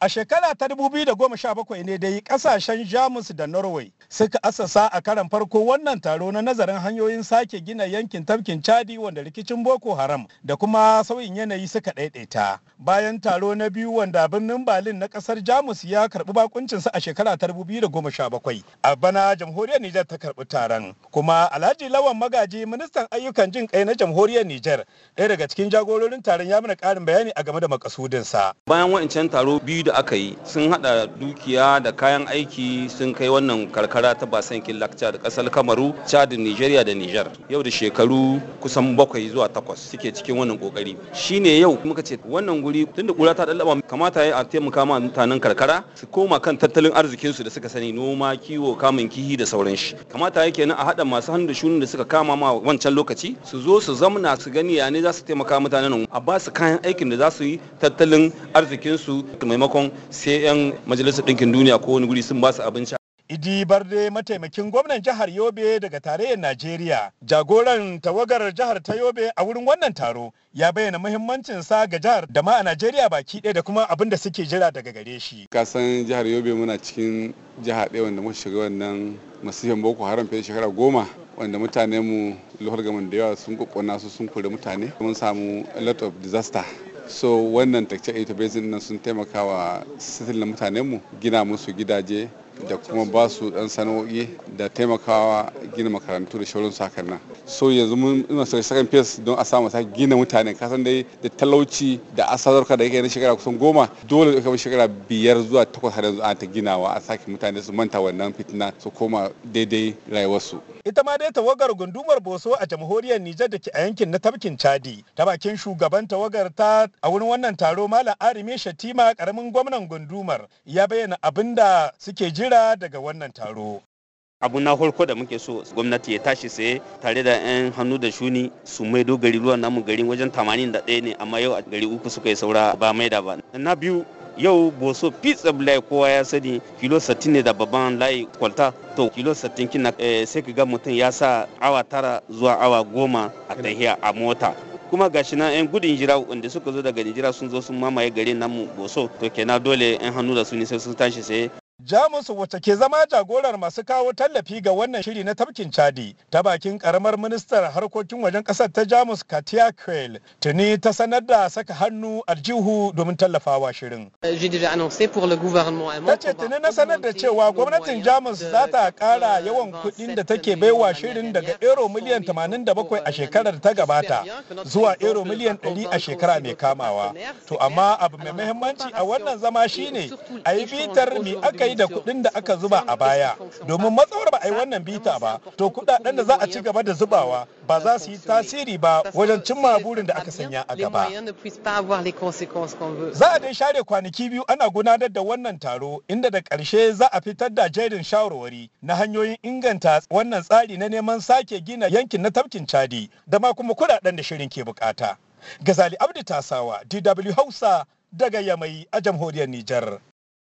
A shekara ta 2017 ne dai kasashen Jamus da Norway suka asasa a karan farko wannan taro na nazarin hanyoyin sake gina yankin tafkin Chadi wanda rikicin Boko Haram da kuma sauyin yanayi suka ɗaiɗaita. Bayan taro na biyu wanda birnin Berlin na kasar Jamus ya karbi bakuncinsa a shekara ta 2017. A bana jamhuriyar Nijar ta karbi taron. Kuma Alhaji Lawan Magaji ministan ayyukan jin kai na jamhuriyar Nijar ɗaya daga cikin jagororin taron ya mana karin bayani a game da makasudinsa. Bayan wa'ancan taro biyu da aka yi sun hada dukiya da kayan aiki sun kai wannan karkara ta basankin lakca da kasar kamaru chad nigeria da niger yau da shekaru kusan bakwai zuwa takwas suke cikin wannan kokari shine yau muka ce wannan guri tunda kura ta dallaba kamata ya a taimaka ma mutanen karkara su koma kan tattalin arzikin su da suka sani noma kiwo kamun kihi da sauran shi kamata yake nan a hada masu hannu da shuni da suka kama ma wancan lokaci su zo su zamna su gani ya ne za su taimaka mutanen a ba su kayan aikin da za su yi tattalin arzikin su maimakon sakamakon sai 'yan majalisar ɗinkin duniya ko wani guri sun ba su abinci Idi Barde mataimakin gwamnan jihar Yobe daga tarayyar Najeriya. Jagoran tawagar jihar ta Yobe a wurin wannan taro ya bayyana muhimmancin sa ga jihar da ma a Najeriya baki ɗaya da kuma abin da suke jira daga gare shi. Kasan jihar Yobe muna cikin jiha ɗaya wanda muka shiga wannan masifin Boko Haram fiye shekara goma wanda mutanenmu mu lohar gaman da yawa sun kokona su sun kure mutane mun samu a lot of disaster so wannan takce ita bezin nan sun taimaka wa sitin mutanen mu gina musu gidaje da kuma ba su dan sana'o'i da taimakawa gina makarantu da shauran su nan so yanzu mun ina so sakan don a samu sa gina mutane kasan dai da talauci da asararka da yake na shekara kusan goma dole ka bi shekara biyar zuwa takwas har yanzu an ta ginawa a sake mutane su manta wannan fitina su koma daidai rayuwarsu. ita ma dai tawagar gundumar boso a jamhuriyar nijar da ke a yankin na tabkin chadi ta bakin shugaban tawagar ta a wurin wannan taro malam arime shatima karamin gwamnan gundumar ya bayyana abin da suke jira daga wannan taro abu na farko da muke so gwamnati ya tashi saye tare da 'yan hannu da shuni su maido gari ruwan namu garin wajen 81 ne amma yau a gari uku suka yi saura ba mai da ba na biyu yau boso fitsab layi kowa ya sani kilo 60 ne da babban layi kwalta to kilo 60 kina eh, sai ka ga mutum ya sa awa tara zuwa awa goma a tahiya a mota kuma gashi na yan gudun jira wanda suka zo daga Nijira sun zo sun mamaye garin namu boso to kenan dole yan hannu da su ne sai sun tashi sai Jamus wacce ke zama jagorar masu kawo tallafi ga wannan shiri na tafkin Chadi ta bakin karamar ministar harkokin wajen kasar ta Jamus Katia Kuel tuni ta sanar da saka hannu a jihu domin tallafawa shirin. Euh, ta ce tuni na sanar da cewa gwamnatin Jamus za ta kara yawan kuɗin da take baiwa shirin daga euro miliyan 87 a shekarar ta gabata zuwa euro miliyan 100 a shekara mai kamawa. To amma abu mai muhimmanci a wannan zama shine a yi bitar me aka yi da kuɗin da aka zuba a baya domin matsawar ba a yi wannan bita ba to kuɗaɗen da za a ci gaba da zubawa ba za su yi tasiri ba wajen cimma burin da aka sanya a gaba. Za a dai share kwanaki biyu ana gudanar da wannan taro inda da karshe za a fitar da jerin shawarwari na hanyoyin inganta wannan tsari na neman sake gina yankin na tafkin Chadi da ma kuma kuɗaɗen da shirin ke bukata. Gazali Abdi Tasawa, DW Hausa daga Yamai a jamhuriyar Nijar.